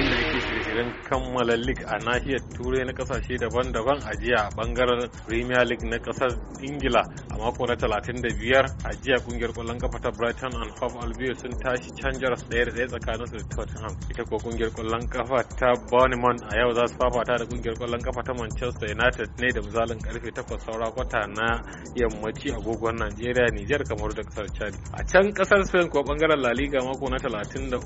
இல்லை wajen kammala league a nahiyar turai na kasashe daban-daban a jiya a bangaren premier league na kasar ingila a mako na 35 a jiya kungiyar kwallon kafa ta brighton and hove albion sun tashi changers daya da ɗaya su da tottenham ita ko kungiyar kwallon kafa ta bournemouth a yau za su fafata da kungiyar kwallon kafa ta manchester united ne da misalin karfe 8 saura kwata na yammaci agogon nigeria nijar kamar da kasar chad a can kasar spain ko bangaren la liga mako na 33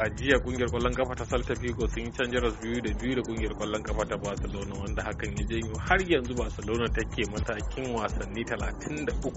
a jiya kungiyar kwallon kafa ta salta vigo sun yi canjar Barcelos biyu da biyu da kungiyar kwallon kafa ta Barcelona wanda hakan ya janyo har yanzu Barcelona take matakin wasanni 33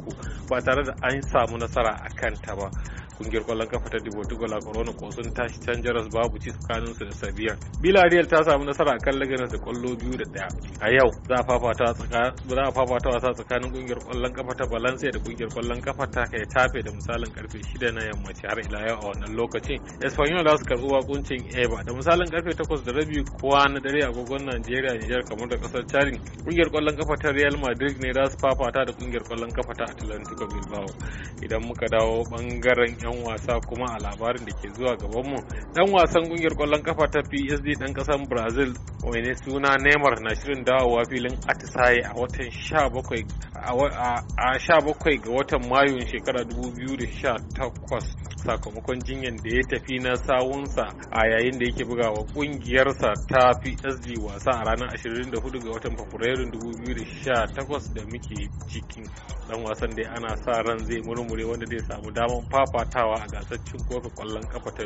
ba tare da an samu nasara a kanta ba. kungiyar kwallon kafa ta Dibotugo la Corona ko sun tashi can babu ci tsakanin su da Sabiya. Villarreal ta samu nasara a kan Leganes da kwallo biyu da daya. A yau za a fafata wasa tsakanin kungiyar kwallon kafa ta Valencia da kungiyar kwallon kafa ta kai tafe da misalin karfe 6 na yammaci har ila yau a wannan lokacin. Espanyol za su karbi wakuncin Eba da misalin karfe 8 da rabi kowa na dare a agogon Najeriya Nijar kamar da kasar Chari. Kungiyar kwallon kafa ta Real Madrid ne za su fafata da kungiyar kwallon kafa ta Atletico Bilbao. Idan muka dawo bangaren 'yan wasa kuma a labarin da ke zuwa gabanmu ɗan wasan ƙungiyar kwallon kafa ta psd ɗan kasan brazil wani suna neymar na shirin dawowa filin atisaye a watan 17 a sha bakwai ga watan mayun shekara 2018 sakamakon jinyar da ya tafi na sawunsa a yayin da yake bugawa kungiyarsa ta psg wasa a ranar 24 ga watan fabrairun 2018 da muke cikin dan wasan dai ana sa ran zai murmure wanda zai samu damar fafatawa a gasar cin kofin kwallon kafa ta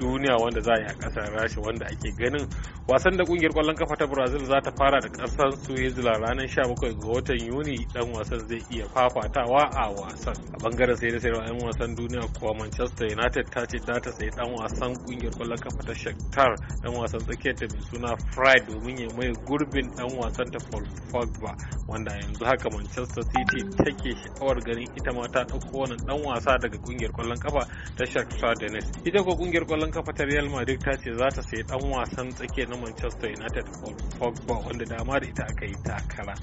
duniya wanda za a yi a kasar rasha wanda ake ganin wasan da kungiyar kwallon kafa ta brazil za ta fara da kasar suizla ranar 17 ga watan yuni dan wasan zai iya fafatawa a wasan a bangaren sai da sayarwa 'yan wasan duniya kuwa manchester united ta ce za ta sayi dan wasan kungiyar kwallon kafa ta shaktar dan wasan tsakiyar ta mai suna fry domin ya mai gurbin dan wasan ta paul pogba wanda yanzu haka manchester city take sha'awar ganin ita ma ta ɗauko wannan dan wasa daga kungiyar kwallon kafa ta da donetsk ita ko kungiyar kwallon kafa ta real madrid ta ce za ta sayi dan wasan tsakiyar na manchester united paul pogba wanda dama da ita aka yi takara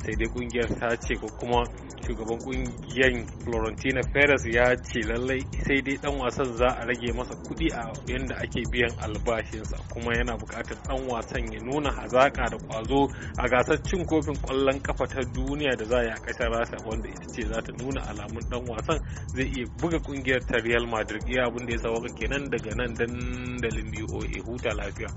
sai dai kungiyar ta ce ko kuma shugaban kungiyar Florentina Perez ya ce lallai sai dai dan wasan za a rage masa kuɗi a yadda ake biyan albashinsa kuma yana bukatar dan wasan ya nuna hazaka da kwazo a gasar cin kofin ƙwallon kafa ta duniya da za a yi a ƙasar Rasha wanda ita ce za ta nuna alamun dan wasan zai iya buga kungiyar ta Real Madrid iya abin da ya sawa kenan daga nan dandalin oe huta lafiya.